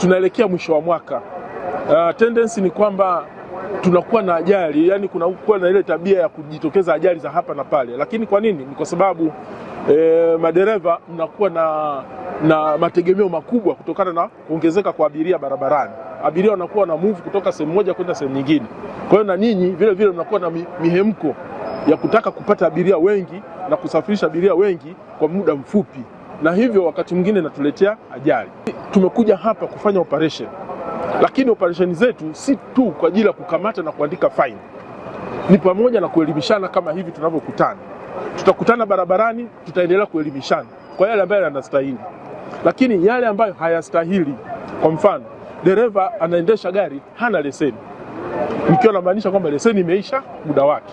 tunaelekea mwisho wa mwaka. Uh, tendency ni kwamba tunakuwa na ajali, yani kunakuwa na ile tabia ya kujitokeza ajali za hapa na pale. Lakini kwa nini? Ni kwa sababu e, madereva mnakuwa na, na mategemeo makubwa kutokana na kuongezeka kwa abiria barabarani. Abiria wanakuwa na move kutoka sehemu moja kwenda sehemu nyingine, kwa hiyo na ninyi vile vile mnakuwa na mihemko ya kutaka kupata abiria wengi na kusafirisha abiria wengi kwa muda mfupi na hivyo wakati mwingine inatuletea ajali. Tumekuja hapa kufanya operation, lakini operation zetu si tu kwa ajili ya kukamata na kuandika faini, ni pamoja na kuelimishana. Kama hivi tunavyokutana, tutakutana barabarani, tutaendelea kuelimishana kwa yale ambayo yanastahili, lakini yale ambayo hayastahili, kwa mfano dereva anaendesha gari hana leseni, nikiwa namaanisha kwamba leseni imeisha muda wake,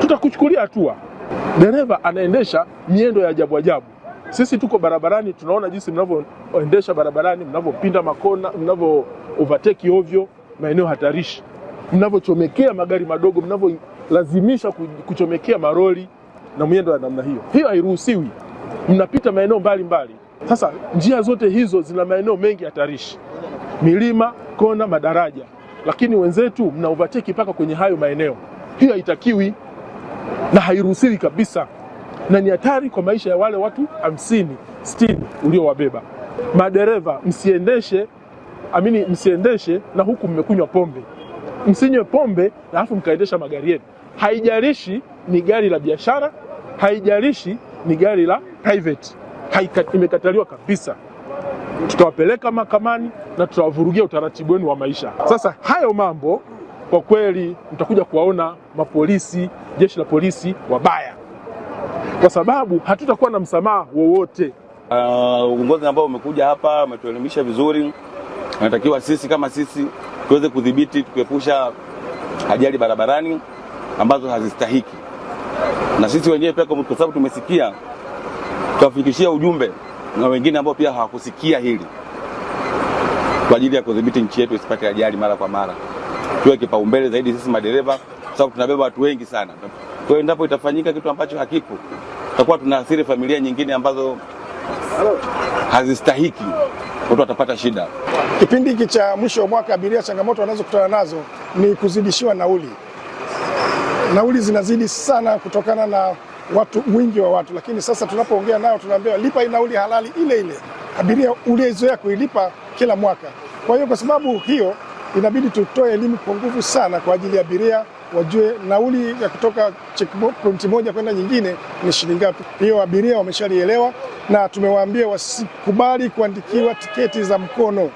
tutakuchukulia hatua. Dereva anaendesha miendo ya ajabu ajabu sisi tuko barabarani, tunaona jinsi mnavyoendesha barabarani, mnavyopinda makona, mnavyo overtake ovyo maeneo hatarishi, mnavyochomekea magari madogo, mnavyolazimisha kuchomekea maroli na mwendo wa namna hiyo. Hiyo hairuhusiwi, mnapita maeneo mbalimbali. Sasa njia zote hizo zina maeneo mengi hatarishi, milima, kona, madaraja, lakini wenzetu mna overtake mpaka kwenye hayo maeneo. Hiyo haitakiwi na hairuhusiwi kabisa na ni hatari kwa maisha ya wale watu hamsini sitini uliowabeba. Madereva, msiendeshe amini, msiendeshe na huku mmekunywa pombe. Msinywe pombe na alafu mkaendesha magari yenu, haijalishi ni gari la biashara, haijalishi ni gari la private. Imekataliwa kabisa. Tutawapeleka mahakamani na tutawavurugia utaratibu wenu wa maisha. Sasa hayo mambo kwa kweli mtakuja kuwaona mapolisi, jeshi la polisi wabaya kwa sababu hatutakuwa na msamaha wowote. Uh, uongozi uh, ambao umekuja hapa umetuelimisha vizuri, natakiwa sisi kama sisi tuweze kudhibiti, tukiepusha ajali barabarani ambazo hazistahiki, na sisi wenyewe pia, kwa sababu tumesikia, tuwafikishia ujumbe na wengine ambao pia hawakusikia hili, kwa ajili ya kudhibiti nchi yetu isipate ajali mara kwa mara. Tuwe kipaumbele zaidi sisi madereva, kwa sababu tunabeba watu wengi sana. Kwa hiyo endapo itafanyika kitu ambacho hakipo, tutakuwa tunaathiri familia nyingine ambazo hazistahiki, watu watapata shida. Kipindi hiki cha mwisho wa mwaka, abiria changamoto wanazokutana nazo ni kuzidishiwa nauli. Nauli zinazidi sana kutokana na watu wingi wa watu, lakini sasa tunapoongea nao tunaambia lipa hii nauli halali ile ile abiria uliyezoea kuilipa kila mwaka. Kwa hiyo kwa sababu hiyo, inabidi tutoe elimu kwa nguvu sana kwa ajili ya abiria wajue nauli ya kutoka checkpointi moja kwenda nyingine ni shilingi ngapi. Hiyo abiria wameshalielewa, na tumewaambia wasikubali kuandikiwa tiketi za mkono.